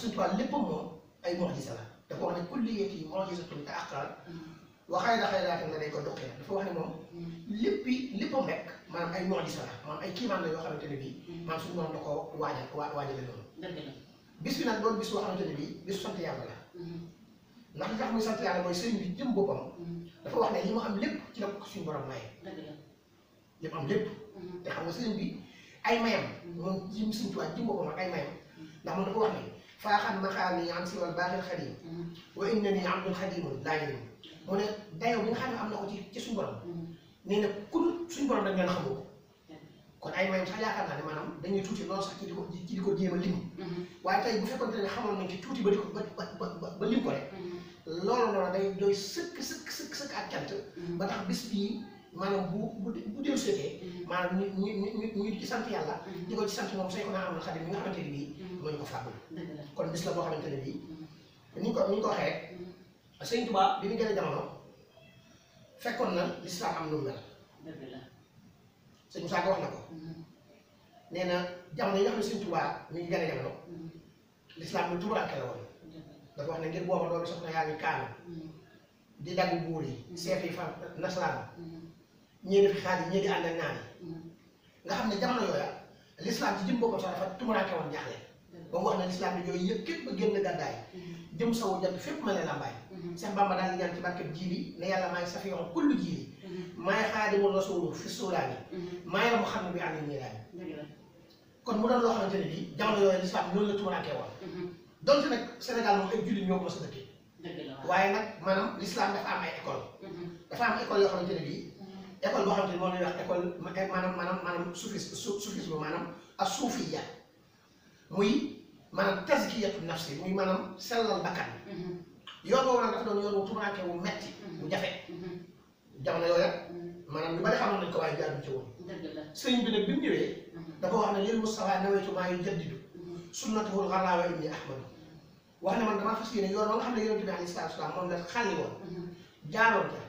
suñu tubaab lépp moom ay mu'jiza la dafa wax ne kulliyati mu'jizatun te aqran waxay la xay laata nga day ko doxee dafa wax ne moom léppi léppam rek maanaam ay mu'jiza la maanaam ay kiimaan la yoo xamante ne bii maanaam suñu moom da ko waajal waajale loolu bis bi nag doon bis boo xamante ne bii bis sant yàlla la mm-hmm. ndax li tax muy sant yàlla mooy sëriñ bi jëm boppam mm-hmm. dafa wax ne li mu am lépp ci la ko suñu borom am lépp mm-hmm. te xam nga sëriñ bi ay mayam moom jëm suñu tuwaat jëm boppam ak ay mayam ndax moom dafa wax ne faaxan maxaar ni am si wal baaxil xadim wa inna ni abdul xadimun ne dayoo bi nga xam ne am na ko ci ci suñu borom nee na ku suñu borom dañ leen xamoo kon ay mayam sax yaakaar naa ne maanaam dañuy tuuti loolu sax ci di ko ci di lim. Mhm. waaye tey bu fekkoon ne xamoon nañ ci tuuti ba di ko ba ba ba lim ko rek. Mhm. Mhm. bu bu bu dee seetee. maanaam ñu ñu ñu ñu ko ci sant ne bii. moo ko fàggul. ko waxee rek. sëñ Tuubaa bi mu gën a na lislaam am lu mu mel. sëñ Moussa Ka wax na ko nee na jamono yi nga xam ne sëñ Touba mi ngi gën lislaam lu tubaab la woon dafa wax na ngir booba loolu soxna yaa ngi kaanu di dagg buur yi seef fa nasaraan ñii def xaal yi ñii ànd ak naan yi nga xam ne jamono yooya lislaam ci jëm boppam sax dafa tumuraanke woon jaaxle ba wax ne lislaam bi yooyu yëpp képp génn gàddaay jëm sawu jant fépp ma ne la mbaay Seex daal di ñaan ci barkeb jiili ne yàlla maay safiyoon kullu jiili maay xaadimu rasul fi suuraani mhm. maay la mu xam ne bi ànd niiraani kon mu doon loo xamante ne bii jamono yooyu lislaam noonu la tumuraakee woon mhm. donte nag Sénégal waaye nag maanaam lislaam dafa am ay école mhm. dafa am école yoo xamante ne bii école boo xamante ne moom la ñuy wax école eh, maanaam maanaam maanaam soufis soufisme muy maanaam tazkiyatu nafsi muy maanaam sellal bakkan yoon boobu nag dafa doon yoon wu tumuraakee wu metti bu jafe jamono yooya mm. maanaam ñu bari xamoon nañ ko waaye jaar ci woon sëriñ bi nag bi mu ñëwee mm-hmm. dafa wax ne lil Mustafa nawaytu maa yu jaddidu mm-hmm. sunnatahul xalaawa ibni ahmadu wax ne man damaa fas yéene yoon wa nga xam ne yonente bi alayhi salaatu salaam moom la xàlli woon mm-hmm. jaanoon ca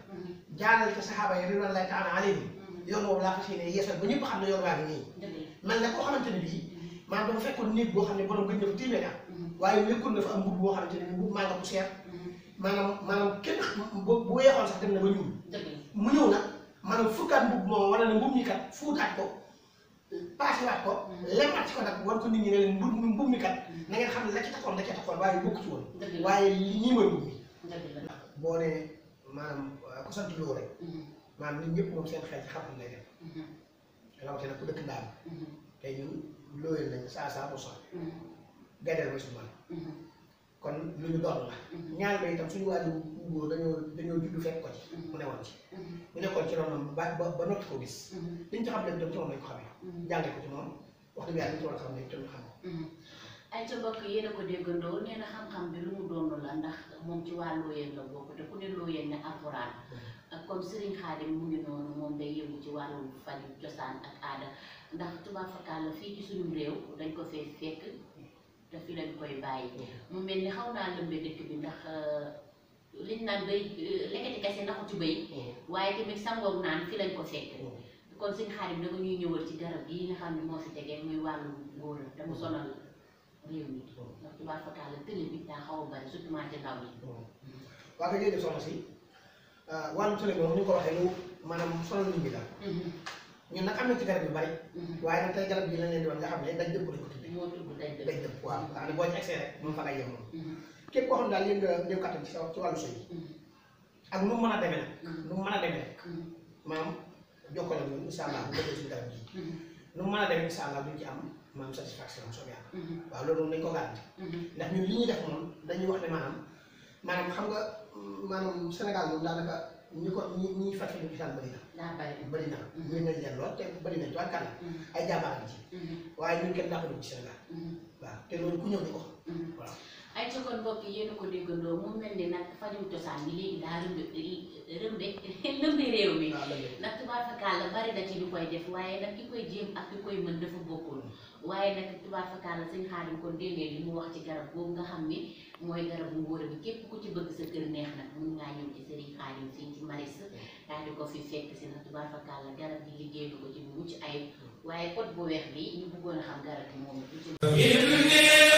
jaanal ca saxaaba yi ridwanullahi taala alayhim yoon boobu laa fas yéene yeesal ba ñëpp xam ne yoon waa ngi nii man nag koo xamante ne bii maanaam dafa fekkoon nit boo xam ne borom gëj na fa téeméer waaye nekkoon na fa am mbubb boo xamante ne mbubb maa nga poussière maanaam maanaam kenn bu weexoon sax dem na ba ñuul mu ñëw nag maanaam fukkaat mbubb moom wala ne mbubb mi kat fuutaat ko paase waat ko mm. lemaat ci ko nag war ko nit ñi ne leen mbubb mbubb mi kat mm. na ngeen xam ne la ca taxoon la ca taxoon waaye bokk ci woon waaye li euh, ku sant loo rek mm-hmm. maanaam nit ñëpp moom seen xel ci xam-xam lay def mm-hmm. rawatina ku dëkk ndaam mm-hmm. tey ñun looyal nañu saa saa bu soxla gadeel mooy suñu kon lu ñu doon la mhm. ñaan ba itam suñu waajur bu góor dañoo dañoo juddu fekk ko ci mu newoon ci bu mhm. nekkoon ci ronam ba ba ba noppi ko gis mhm. liñ ci xam lépp tam ci moom lañ ko ko ci moom wax a xam ne tam ñu xam ay ca mbokk yéen a ko déggandoo nee na xam-xam bi lu mu doon la ndax moom ci waa looyeen la bokk te ku ne looyeen ne alxuraan comme Serigne Khadim mu ngi noonu moom day yëngu ci wàllum faj cosaan ak aada ndax tubaab fakkaal la fii ci suñu réew dañ ko fee fekk fi koy bàyyi mu mel ni xaw naa lëmbe dëkk bi ndax euh, liñ naan béy euh, lekkati kese ndaxu ci béy mm. waaye tamit sangoog naan fi lañ ko fekk mm. kon suñ xarit da nga ñuy ñëwal ci garab yi nga xam ne moo fi tegee muy wàllu góor la te mu mm. xaw a bari surtout ci ndaw yi waaw da ngay def soxna si euh, wàllu tële bi moom ñu ko waxee lu maanaam sonal nit ñi daal ñun nag am na ci garab yu bari. Mm-hmm. waaye nag tey garab yi lañ leen di wan nga ne dañ dëpp xam ne boo ci excès rek moom fa ngay yem moom. képp koo sa ci wàllu sëy mm-hmm. ak mën a demee nag. Mm-hmm. a demee nag. maam jokkoo la ñun incha allah bu dëggee mën a demee incha allah ci am maam satisfaction am soobee yàlla. waaw loolu nañ ko garanti. ndax ñun li ñuy def moom dañuy wax ne maanaam maanaam xam nga maanaam Sénégal moom daanaka ñu ko ñi ñi fàcce lu islam bëri na. daa bëri bëri na. bëri nañ leen lool te bëri nañ waa Kalla. Mm-hmm. ay jàmbaar ci. Mm-hmm. waaye ñun kenn daa ko dugg ci Sénégal. Mm-hmm. waaw te loolu ku ko. waaw ay ci kon mbokk ko mu mel ni nag fajum cosaan bi léegi daa réew mi. waaw lëmbe nag def waaye nag ki koy jéem ak ki waaye nag tubaab fa Kalla sëñ Xaadim kon mu wax ci garab boobu nga xam ni mooy garabu ngóor bi képp ku ci bëgg sa kër neex nag mun ngaa ñëw ci sëriñ Xaadim maris daal di ko fi fekk si nag tubaarfakàlla garab gi liggéey na ko ci mucc ayib waaye pot bu weex bi ñu bëggoon a xam garab gi moom